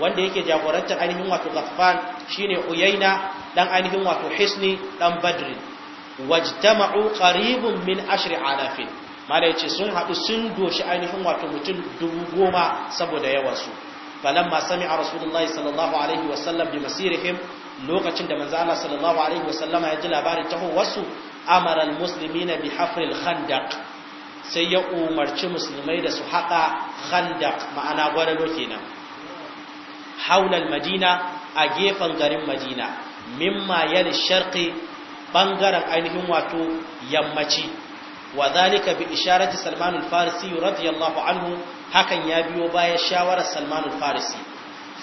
wanda yake jagorantar ainihin wato ghafan shine uyayna dan ainihin wato hisni dan badr wajtama'u qaribun min ashri alafin mala yace sun hadu sun doshi ainihin wato mutum dubu goma saboda yawansu falamma sami'a rasulullahi sallallahu alaihi wasallam bi masirihim lokacin da manzo Allah sallallahu alaihi wasallama ya ji labarin taho wasu amara na bi hafril khandaq sai ya umarci musulmai da su haƙa khandaq ma'ana gwadalo kenan haulal madina a gefen garin madina mimma yal sharqi bangaren ainihin wato yammaci wa zalika bi isharati salman al-farisi radiyallahu anhu hakan ya biyo bayan shawarar salman al-farisi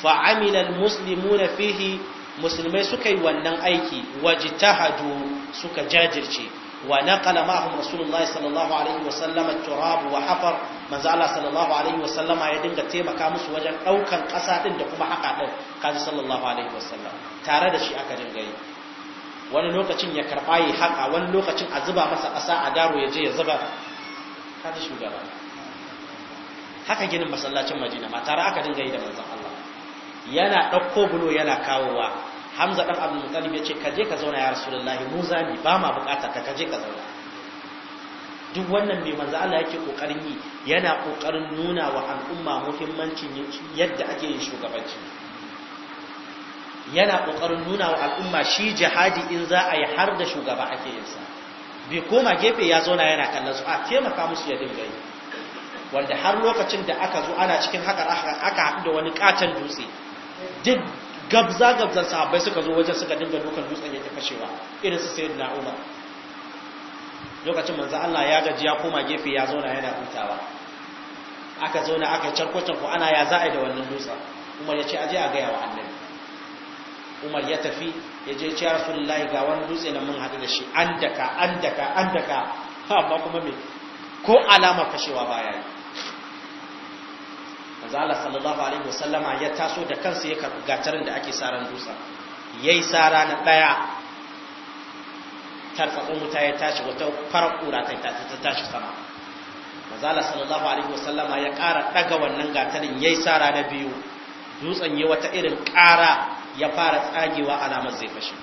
fa amila al-muslimuna fihi musulmai suka yi wannan aiki ta wajtahadu suka jajirce wa na naqala ma'ahum rasulullahi sallallahu alaihi wa sallama turab wa hafar manzo sallallahu alaihi wa sallama ya dinga taimaka musu wajen daukan kasa din da kuma haka din kaji sallallahu alaihi wa sallam tare da shi aka dinga yi wani lokacin ya karba yi haka wani lokacin a zuba masa kasa a daro ya je ya zuba kaji shugaba haka ginin masallacin Madina ma tare aka dinga yi da manzon Allah yana ɗauko bulo yana kawowa hamza ɗan abdul mutalib ya ce ka je ka zauna ya rasulullahi mu zami ba ma bukatar ka je ka zauna duk wannan mai manza Allah yake kokarin yi yana kokarin nuna wa al'umma muhimmancin yadda ake yin shugabanci yana kokarin nuna wa al'umma shi jihadi in za a yi har da shugaba ake yin sa bai koma gefe ya zauna yana kallon su a taimaka musu ya dinga yi wanda har lokacin da aka zo ana cikin haka aka haɗu da wani katon dutse duk gabza gabzan sahabbai suka zo wajen suka dinga dukan dutsen yake fashewa irin su sayyidina Umar lokacin manzo Allah ya gaji ya koma gefe ya zauna yana hutawa aka zauna aka charkwatan ko ana ya za'a da wannan dutsen Umar ya ce aje a ga wa annabi Umar ya tafi ya je ce Rasulullahi ga wani dutse nan mun hadu da shi an daka an daka an daka amma kuma me ko alama fashewa baya yi manzala sallallahu alaihi sallama ya taso da kansa ya karɓi gatarin da ake saran dutsen yayi sara na daya tarfatsun wuta ya tashi wata farar kura ta tashi sama manzala sallallahu alaihi sallama ya ƙara daga wannan gatarin yayi sara na biyu dutsen ya wata irin ƙara ya fara tsagewa alamar zai fashe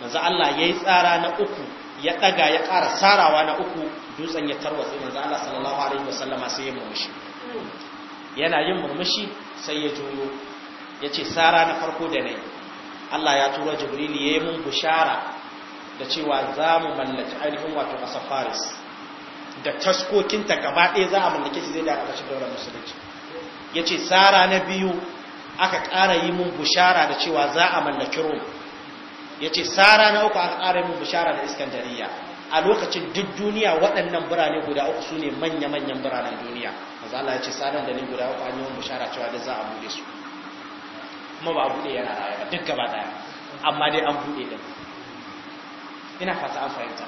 manzo Allah yayi tsara na uku ya daga ya ƙara sarawa na uku dutsen ya tarwatse manzo Allah sallallahu alaihi wasallama sai ya murmushi yana yin murmushi sai ya juyo ya ce tsara na farko da nai Allah ya tura jibril ya yi mun bushara da cewa za mu mallaki ainihin wato ƙasar faris da taskokinta gaba ɗaya za a mallake shi zai da ci daular musulunci ya ce tsara na biyu aka ƙara yi mun bushara da cewa za a mallaki rom ya ce tsara na uku aka ƙara yi mun bushara da iskandariya a lokacin duk duniya waɗannan birane guda uku su ne manya-manyan biranen duniya maza Allah ya ce sanar da ni guda uku an yi wani bishara cewa da za a buɗe su kuma ba a buɗe yana raya ba duk gaba ɗaya amma dai an buɗe ɗin ina fata an fahimta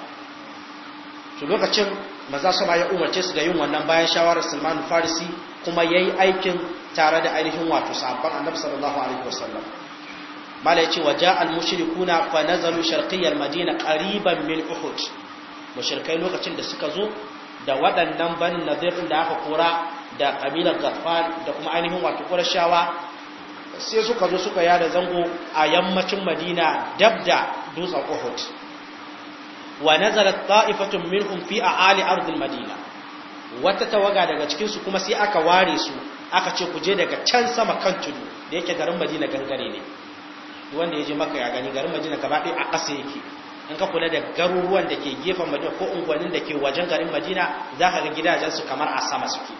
to lokacin maza sama ya umarce su da yin wannan bayan shawarar Salman Farisi kuma ya yi aikin tare da ainihin wato sabon Annabi sallallahu alaihi wasallam mala yace waja al mushrikuna fa nazalu sharqiyal madina qariban min uhud mushrikai lokacin da suka zo da waɗannan banin nazir da aka kora da kabilar gafan da kuma ainihin wato shawa. sai suka zo suka yada zango a yammacin madina dab da dutsen uhud wa nazarar ta'ifatun minhum fi a ali ardil madina wata tawaga daga cikinsu kuma sai aka ware su aka ce ku je daga can sama kan tudu da yake garin madina gangare ne wanda ya je maka ya gani garin madina gaba ɗaya a ƙasa yake in ka kula da garuruwan da ke gefen madina ko unguwannin da ke wajen garin madina za ka ga gidajensu kamar a sama suke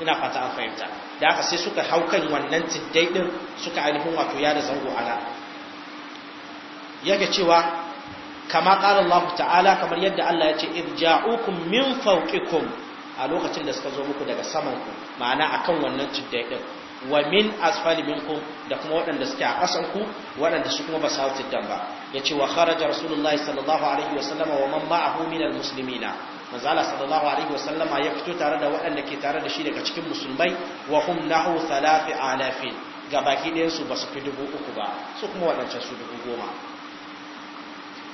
ina fata an fahimta da aka sai suka hau kan wannan tiddai din suka ainihin wato ya da zango ana. yake cewa kama qala Allah ta'ala kamar yadda Allah ya ce irja'ukum min fawqikum a lokacin da suka zo muku daga saman ku ma'ana akan wannan tiddai din wa min asfali minkum da kuma waɗanda suke a ƙasan ku waɗanda su kuma ba su hautu dan ba yace wa kharaja rasulullahi sallallahu alaihi wa sallama wa man ma'ahu minal muslimina manzo Allah sallallahu alaihi wa sallama ya fito tare da waɗanda ke tare da shi daga cikin musulmai wa hum nahu 3000 ga baki ɗayan su ba su fi dubu uku ba su kuma waɗancan su dubu goma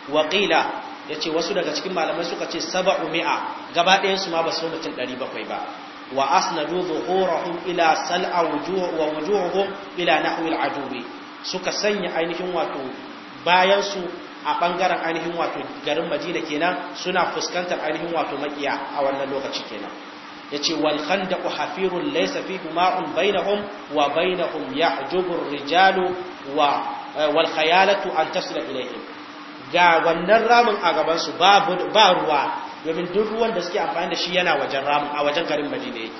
wa qila ce wasu daga cikin malamai suka ce saba'u mi'a gaba ɗayan su ma ba su mutum bakwai ba wa asnadu zuhurahum ila sal'a wa wujuhuhum ila nahwi suka sanya ainihin wato bayan su a bangaren ainihin wato garin Madina kenan suna fuskantar ainihin wato makiya a wannan lokaci kenan yace wal khandaqu hafirun laysa fihi ma'un bainahum wa bainahum yahjubu rijalu wa wal khayalatu an tasila ilayhim ga wannan ramin a gaban su ba ruwa domin duk ruwan da suke amfani da shi yana wajen ramu a wajen garin madina yake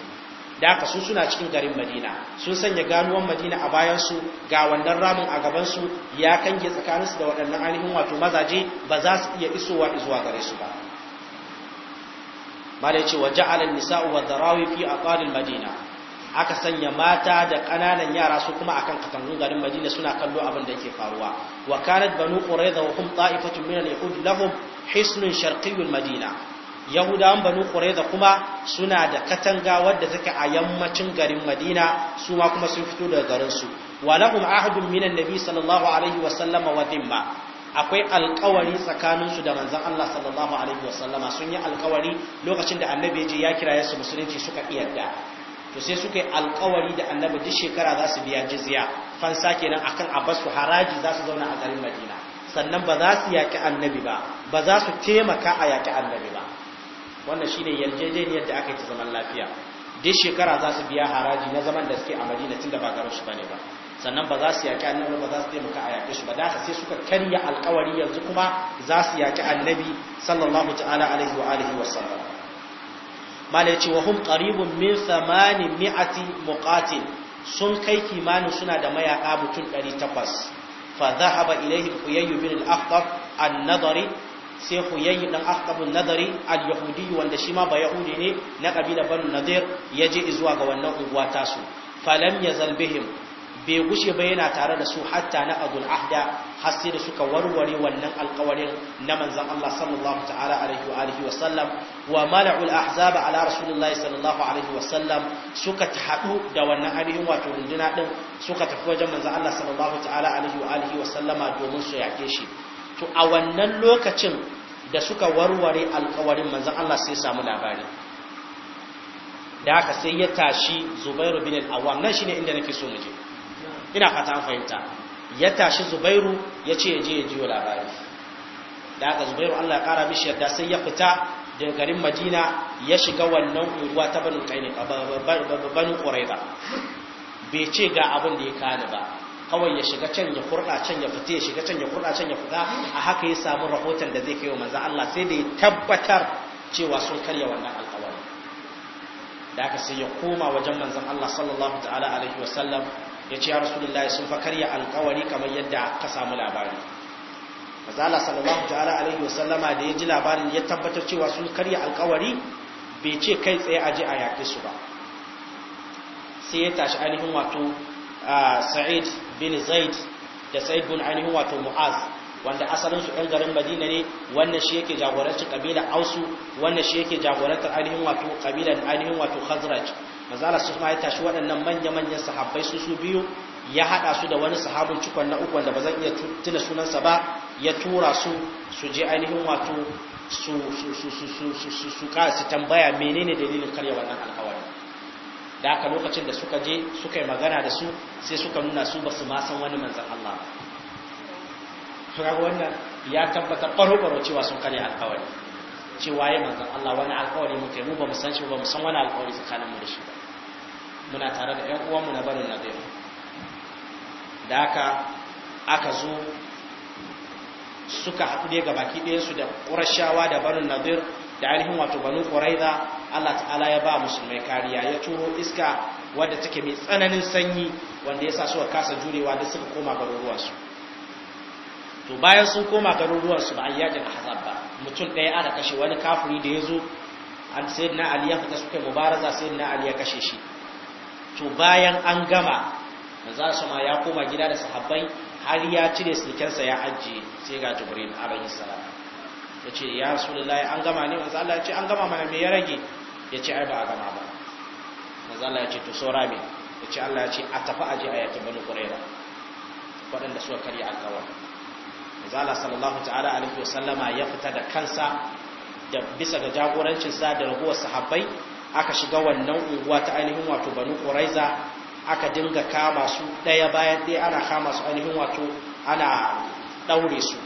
da aka su suna cikin garin madina sun sanya ganuwan madina a bayan su ga wannan ramin a gabansu ya kange tsakanin su da waɗannan ainihin wato mazaje ba za su iya isowa zuwa gare su ba mala ya ce wa ja'alan nisa'u wa dharawi fi aqalil madina aka sanya mata da ƙananan yara su kuma akan katangun garin Madina suna kallo abin da yake faruwa wa kanat banu qurayza wa hum ta'ifatun min al-yahud lahum hisnun sharqiyul madina yahudawan banu qurayza kuma suna da katanga wadda take a yammacin garin madina su ma kuma sun fito daga garin su walahum ahadun minan nabi sallallahu alaihi wa sallama wa dhimma akwai alkawari tsakanin su da manzon Allah sallallahu alaihi wa sallama sun yi alkawari lokacin da annabi ya je ya kira yasu musulunci suka iyadda to sai suka yi alkawari da annabi duk shekara za su biya jizya fansa kenan akan abasu haraji za su zauna a garin madina sannan ba za su yaƙi annabi ba ba za su taimaka a yaƙi annabi ba wannan shine yarjejeniyar da aka yi ta zaman lafiya duk shekara za su biya haraji na zaman da suke a madina tun da ba garin shi ne ba sannan ba za su yaƙi annabi ba za su taimaka a yaƙe shi ba da sai suka karya alkawari yanzu kuma za su yaƙi annabi sallallahu ta'ala alaihi wa alihi wa sallam malai ce wa hum qaribun min 800 muqatil sun kai kimanin suna da mayaƙa mutum 800 fa dhahaba ilaihim huyayyu bin al-aqtab an-nadari sai huyayi dan aqabun nadari al-yahudi wanda shi ma ba yahudi ne na kabila banu nadir ya je zuwa ga wannan unguwa tasu falam yazal bihim bai gushe ba yana tare da su hatta na abul ahda har sai da suka warware wannan alƙawarin na manzon Allah sallallahu ta'ala alaihi wa alihi wa sallam wa mala'ul ahzaba ala rasulillahi sallallahu alaihi wa sallam suka hadu da wannan ainihin wato runduna din suka tafi wajen manzon Allah sallallahu ta'ala alaihi wa alihi wa sallama domin su yake shi to a wannan lokacin da suka warware alkawarin manzan Allah sai samu labari da haka sai ya tashi zubairu bin al'awam nan shine inda nake so muje ina fata fahimta ya tashi zubairu ya ce ya je ya jiyo labari da haka zubairu Allah ya kara mishi yadda sai ya fita daga garin madina ya shiga wannan unguwa ta banu kaini banu bai ce ga abin da ya kani ba kawai ya shiga can ya furɗa can ya fita ya shiga can ya furɗa can ya fita a haka ya samu rahoton da zai kai wa manzo Allah sai da ya tabbatar cewa sun karya wannan alƙawari da aka sai ya koma wajen manzon Allah sallallahu ta'ala alaihi sallam ya ce ya rasulullahi sun fa karya alƙawari kamar yadda ka samu labari manzo Allah sallallahu ta'ala alaihi sallama da ya ji labarin ya tabbatar cewa sun karya alƙawari bai ce kai tsaye a je a yaƙe su ba sai ya tashi ainihin wato Sa'id bin zaid da sa'id bin ainihin wato mu'az wanda asalinsu ɗan garin madina ne wannan shi yake jagorancin ƙabilar ausu wannan shi yake jagorantar ainihin wato ƙabilar ainihin wato khazraj mazala su ma ya tashi waɗannan manya-manyan sahabbai su su biyu ya haɗa su da wani sahabin cikon na uku wanda ba zan iya tuna sunansa ba ya tura su su je ainihin wato su su su su su su su tambaya menene dalilin karya wannan alƙawari da aka lokacin da suka je suka yi magana da su sai suka nuna su ba su ma san wani manzan Allah ba wannan ya tabbata ƙwaro cewa sun karya alkawari cewa ya manzan Allah wani alkawari muka mu ba mu san shi ba mu san wani alkawari tsakanin mu da shi ba muna tare da ƴan uwanmu na barin na da aka aka zo suka haɗu dai ga baki ɗayansu da ƙurashawa da barin nadir da ainihin wato banu ƙuraiza Allah ta'ala ya ba musulmai kariya ya turo iska wadda take mai tsananin sanyi wanda ya sa suka kasa jurewa da suka koma garuruwansu to bayan sun koma su ba a yakin hazab ba mutum ɗaya ana kashe wani kafuri da ya zo sayyidina ali ya fita suka mubaraza sayyidina ali ya kashe shi to bayan an gama manzo ma ya koma gida da sahabbai har ya cire sa ya ajiye sai ga jibril alayhi salam ya ce ya rasulullahi an gama ne manzo Allah ya ce an gama mana me ya rage ya ce ai ba a gama ba manzo Allah ya ce to saura me ya ce Allah ya ce a tafi ji a yakin banu qurayza waɗanda suka karya alƙawar manzo Allah sallallahu ta'ala alaihi wa sallama ya fita da kansa da bisa ga jagorancin sa da raguwar sahabbai aka shiga wannan unguwa ta ainihin wato bani qurayza aka dinga kama su ɗaya bayan ɗaya ana kama su ainihin wato ana ɗaure su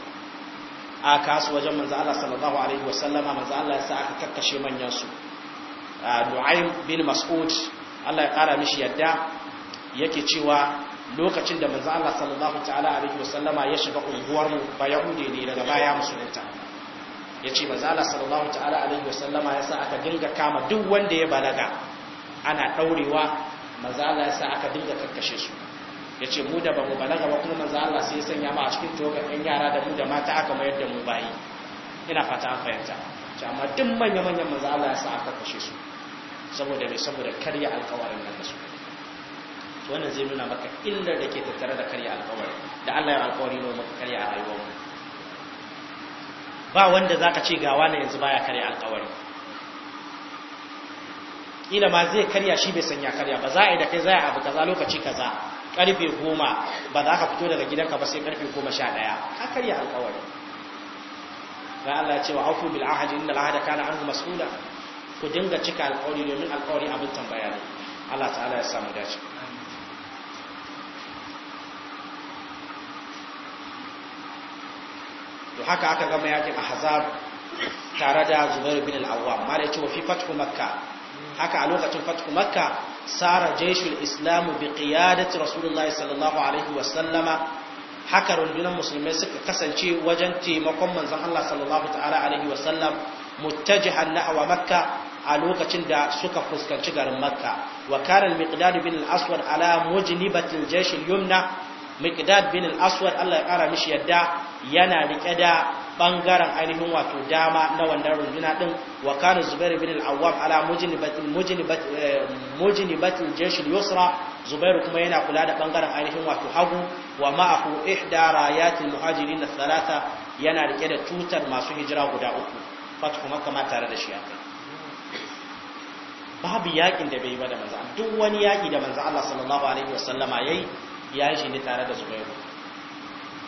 a kasu wajen manzo Allah sallallahu alaihi wasallama manzo Allah ya sa aka kakkashe manyan su Nu'aym bin Mas'ud Allah ya kara mishi yadda yake cewa lokacin da manzo Allah sallallahu ta'ala alaihi wasallama ya shiga unguwar mu ba ne daga baya musulunta yace manzo Allah sallallahu ta'ala alaihi wasallama yasa aka dinga kama duk wanda ya balaga ana daurewa manzo Allah yasa aka dinga kakkashe su yace mu da bamu balaga ba kuma manzo Allah sai ya sanya mu a cikin toga ɗan yara da mu da mata aka mayar da mu bayi ina fata an fahimta amma duk manya-manyan manzo Allah yasa aka kashe su saboda mai saboda karya alkawarin da su wannan zai nuna maka illar da ke tattare da karya alkawari da Allah ya alkawari ne maka karya a rayuwar mu ba wanda za ka ce ga wani yanzu baya karya alkawari kila ma zai karya shi bai sanya karya ba za a yi da kai za a abu kaza lokaci kaza karfe goma ba za ka fito daga gidanka ba sai karfe goma sha ɗaya ka karya alkawari dan Allah ya ce wa aufu bil ahdi innal ahda kana anhu mas'ula ku dinga cika alkawari domin alkawari abin tambaya ne Allah ta'ala ya samu dace to haka aka gama yakin ahzab tare da Zubair bin al-Awwam malai cewa fi fathu makka haka a lokacin fathu makka sara jaishul islam bi qiyadati rasulullahi sallallahu alaihi wa sallama haka rundunar musulmai suka kasance wajen taimakon manzon Allah sallallahu ta'ala alaihi wa sallam muttajihan nahwa makka a lokacin da suka fuskanci garin makka wa kana miqdad bin al aswad ala mujnibati jaysh al yumna miqdad bin al aswad Allah ya kara mishi yadda yana rike da bangaren ainihin wato dama na wannan runduna din wa kana zubair bin al-awwam ala mujnibati eh, mujnibati jaysh al-yusra zubair kuma yana kula da bangaren ainihin wato hagu wa ma'ahu ihda rayat muhajirin al-thalatha yana rike da tutar masu hijira guda uku fatu kuma kama tare da shi akai babu yakin da bai ba da manzo duk wani yaki da manzo Allah sallallahu alaihi wasallama yayi ya shi ne tare da Zubairu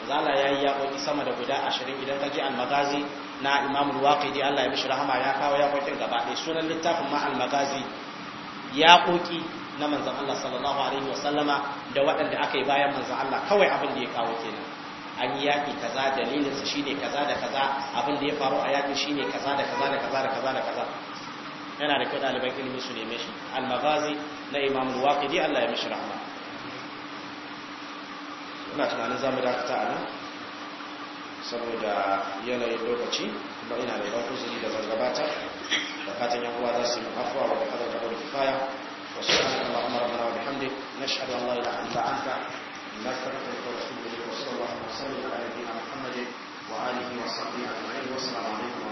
manzo Allah yayi yakoki sama da guda 20 idan kaje al-magazi na Imam al-Waqidi Allah ya mishi rahama ya kawo yakokin gaba ɗaya sunan littafin ma al-magazi yakoki na manzon Allah sallallahu alaihi wasallama da waɗanda aka yi bayan manzon Allah kawai abin da ya kawo kenan an yi yaƙi kaza dalilinsa shine kaza da kaza abin da ya faru a yaƙin shine kaza da kaza da kaza da kaza da kaza yana da kyau ɗaliban ilimi su neme shi al-maghazi na imam waqidi Allah ya mishi rahma ina tunanin zamu dakata a nan saboda yanayin lokaci kuma ina da ban uzuri da zargabata da fatan yan uwa za su yi afuwa wa kada da bari kifaya wa subhanallahi allahumma rabbana wa bihamdik nashhadu an la ilaha illa anta nastaghfiruka wa natubu ilayk wa sallallahu alaihi wa sallam ala nabiyyina muhammadin wa alihi wa sahbihi ajma'in wa assalamu alaikum